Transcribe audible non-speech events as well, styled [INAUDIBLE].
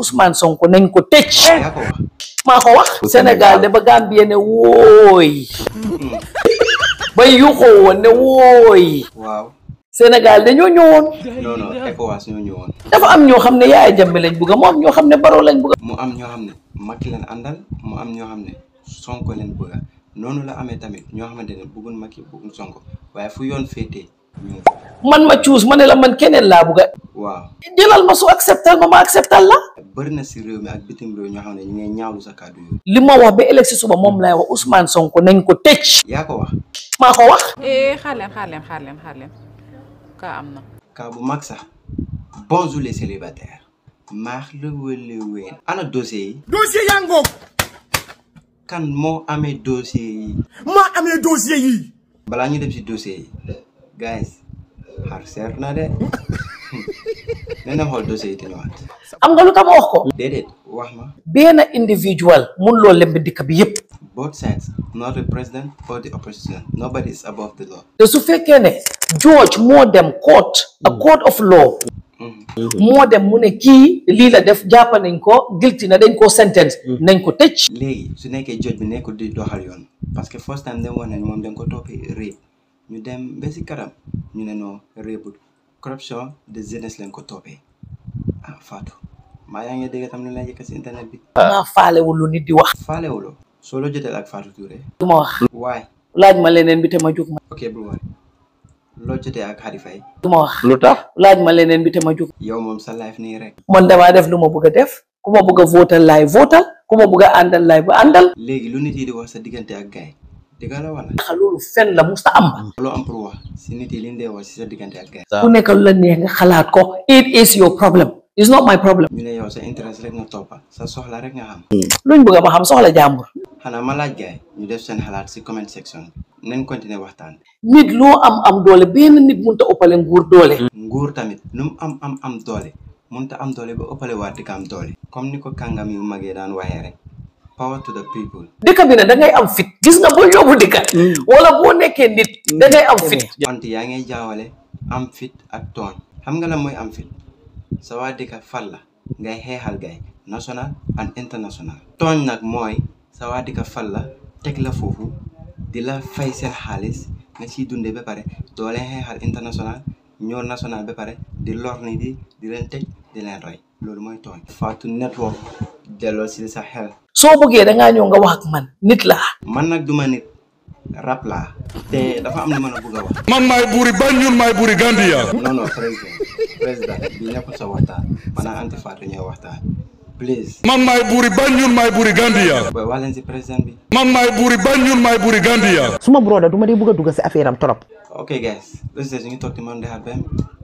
Ousmane Sonko nañ ko tëj. Ah, maa ko wax. Sénégal de ba Gambie ne wooyi. [LAUGHS] ba yuuxoo woon ne wooyi. waaw. Sénégal dañoo ñëwoon. non non ECOWAS ñoo ñëwoon. dafa am ñoo xam ne Yaya Jammeh lañ bëgg mu am ñoo xam ne Barrow lañ bëgg. mu am ñoo xam ne Macky lañ àndal mu am ñoo xam ne Sonko lañ bëgg noonu la amee tamit ñoo xamante ne bëgguñ Macky bëgguñ Sonko waaye fu yoon féetee. man ma cuus ma man keneen laa bëgg jëlal ma su acceptal ma ma acceptal la. bëri na si réew mi ak bitim réew ñoo xam ne ñu ngi ñaawlu sa kàddu yooyu. li ma wax ba ëllëg si suba moom laay wax Ousmane Sonko nañ ko tëj. yaa ko wax. maa ko wax. xaalem eh, xaalem xaalem xaalem kaa am na. kaa bu mag sax bonjour les célibataires. maax la ana dossier yi. dossier yaa ngoog. kan moo amee dossier yi. moo amee dossier yi. balaa ñu dem si dossier yi. guys xar seer na de. dana xool dossier yi te ñëwaat. am nga lu tax ma wax ko. déedéet wax ma. benn individual mënuloo lembe dikk bi yëpp. both sides not the president or the opposition nobody is above the law. te su fekkee ne George moo dem court. a mm. court of law. Mm. moo dem mu ne kii lii la def jàpp nañ ko guilty na dañ koo sentence. Mm. nañ ko tëj. léegi su nekkee George bi nekkul di doxal yoon parce que first time dem woon nañ moom dañ ko toppee réew ñu dem ba si kanam ñu ne noo réewut. corruption de jeunesse lañ ko toppee ah Fatou maa yaa ngi dégg tam ne lay yëkk si internet bi. maa ah. faalewul lu nit di wax. faalewuloo soo la jotee ak Fatou Touré. du ma wax. laaj ma leneen bi te ma jóg ma. ok bu ak Hadi Faye. lu tax laaj ma leneen bi te ma jóg. yow moom sa live nii rek. man damaa def lu ma bëgg def ku ma bëgg a votal laay votal ku ma bëgg a laay bu àndal. léegi lu nit yi di wax sa diggante ak gars dëgg la wala. ndax loolu fenn la musta am. loo am pour wax si nit yi li ñu dee wax si sa diggante ak gars yi. ku nekk lu la neex nga xalaat ko it is your problem. sa intérêt rek nga toppa sa soxla rek nga xam. Hmm. luñ bëgg ma xam soxla jàmbur. xanaa ma laaj gaay ñu def seen xalaat si comment section bi nañ continuer waxtaan nit loo am am doole na nit mënut a ëppale nguur doole. nguur tamit nu mu am am am doole mënut a am doole ba ëppale waat di ka am doole. comme ni ko kàngam yu magee daan waxee rek. power to the people. dëkk bi nag am fit gis nga boo yóbbu dëkk. Hmm. wala boo nekkee nit da ngay am fit. Hmm. wante yaa ngay jaawale am fit ak tooñ xam nga la mooy am fit sa waa dëkk fal la ngay xeexal gay national and international. tooñ nag mooy sa waa dëkk fal la teg la foofu di la fay seen xaalis nga siy dundee ba pare doo leen xeexal international ñoo national ba pare di lor ni di di leen tëj di leen rey loolu mooy tooñ. faatu network. ci sa xel. so bëggee da nga ñëw nga wax ak man nit la man nak duma nit rap la té dafa am lu mëna bëgg wax. man buri buuri Banjul may buri Gambia. non non président président bi ñëpp sa waxtaan maanaam Anta Fatou ñëw waxtaan. please. man buri buuri Banjul maay buri Gambia. booy wax leen si président bi. man buri buuri Banjul may buri Gambia. suma broda duma di bëgg dugg ci affaire am trop. okay guys loolu si ñu toog di mën a